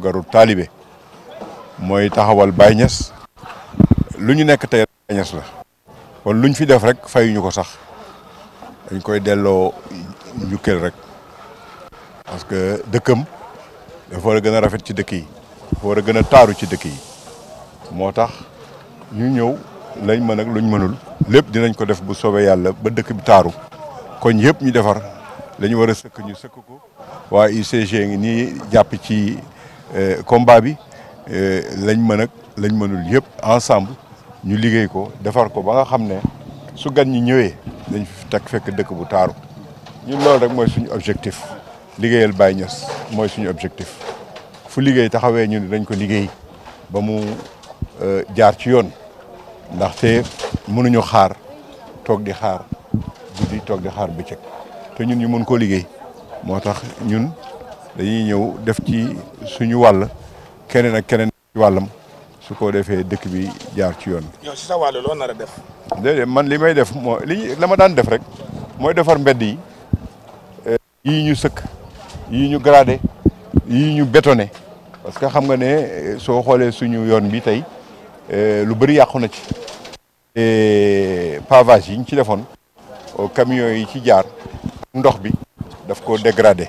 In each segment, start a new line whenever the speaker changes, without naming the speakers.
warugaru taalibe mooy taxawal Baye Niass lu ñu nekk tey Baye Niass la kon luñ fi def rek fayuñu ko sax dañ koy delloo njukkeel rek parce que dëkkam dafa war a gën a rafet ci dëkk yi dafa war a gën a taaru ci dëkk yi moo tax ñu ñëw lañ mën ak luñ mënul lépp dinañ ko def bu soobee yàlla ba dëkk bi taaru koñ yëpp ñu defar lañu war a sëkk ñu sëkk ko waa UCG ngi nii jàpp ci Euh, combat bi euh, lañ mëna lañ mënul yépp ensemble ñu liggéey ko défar ko ba nga xamné su gan ñi ñëwé dañ fi fekk dëkk bu taru ñu loolu rek moy suñu objectif liggéeyal bay Niass moy suñu objectif fu liggéey taxawé ñun dañ ko liggéey ba mu euh, jaar ci yoon ndax ndaxte mënuñu xaar tok di xaar di tok di xaar bëccëg té ñun ñu mën ko liggéey motax ñun dañuy ñëw def ci suñu wàll keneen ak keneen ci wàllam su ko defee dëkk bi jaar ci yoon. ñoo si sa wàll loo nar a def. déedéet man li may def moo li la ma daan def rek mooy defar mbedd yi eh, yii ñu sëkk yi ñu gradé yi ñu bétonné parce que xam nga ne eh, soo xoolee suñu yoon bi tey eh, lu bëri yàqu na ci. pavage yi ñu ci defoon oh, camions yi ci jaar ndox bi daf ko dégrade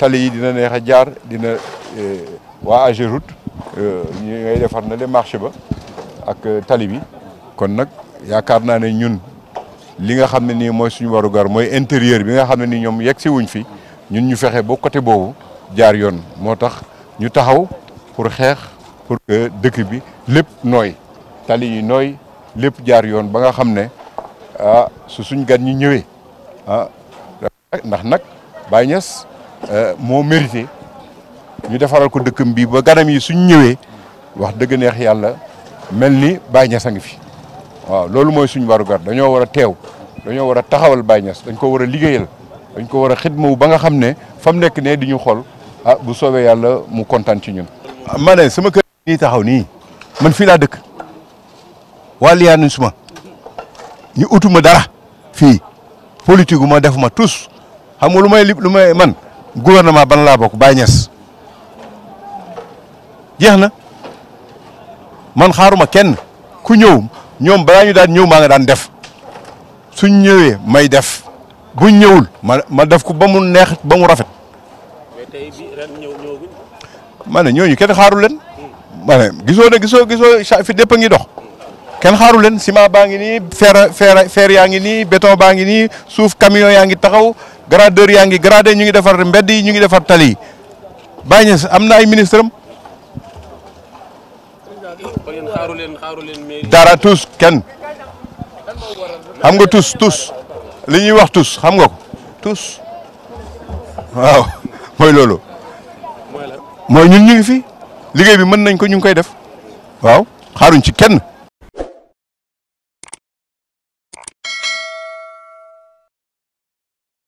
tali yi dina neex a jaar dina eh, waa route eh, ñu ngay na le marché ba ak eh, tali bi kon nag yaakaar naa ñun li nga xam intérieur bi nga ne nii ñoom wuñ fi ñun ñu côté boobu jaar pour pour que dëkk bi lépp nooy tali yi nooy lépp jaar yoon ah gan ah Euh, moo mérité ñu defaral ko dëkk bi ba ganam yi suñ ñëwee wax dëgg neex yàlla mel ni Baye Niass fi waaw loolu mooy suñ warugar dañoo war a teew dañoo war a taxawal Baye Niass dañ ko war a liggéeyal dañ ko war a xidmawu ba nga xam ne fa mu nekk ne di ñu xool ah bu soobee yàlla mu kontaan ci ñun. ma ne sama kër nii taxaw nii man fii laa dëkk waa liyaanuñ suma ñu utuma dara fii politique gu ma def ma tous xam nga lu lu may man. gouvernement ban la bok bay ñess jeexna man xaaruma kenn ku ñew ñom balaa ñu daan ñew ma nga daan def suñ ñewé may def bu ñewul ma ma def ko ba mu neex ba mu rafet. mais tey bi ren ñëw ma ne ñooñu kenn xaarul leen. ma gisoo ne gisoo gisoo fi dépp ngi dox. ken xaaru len ciment baangi ni fer fer fer yaangi ni beton béton baa ngi nii camion yaangi taxaw gradeur yaa ngi gradé ñu ngi defar mbedd yi ñu ngi defar tali yi bàyyi am na ay ministre am dara tous kenn xam nga tous tous li ñuy wax tous xam nga ko tous waaw mooy loolu mooy ñun ñu ngi fi liggéey bi mën nañ ko ñu ngi koy def waaw xaaruñ ci kenn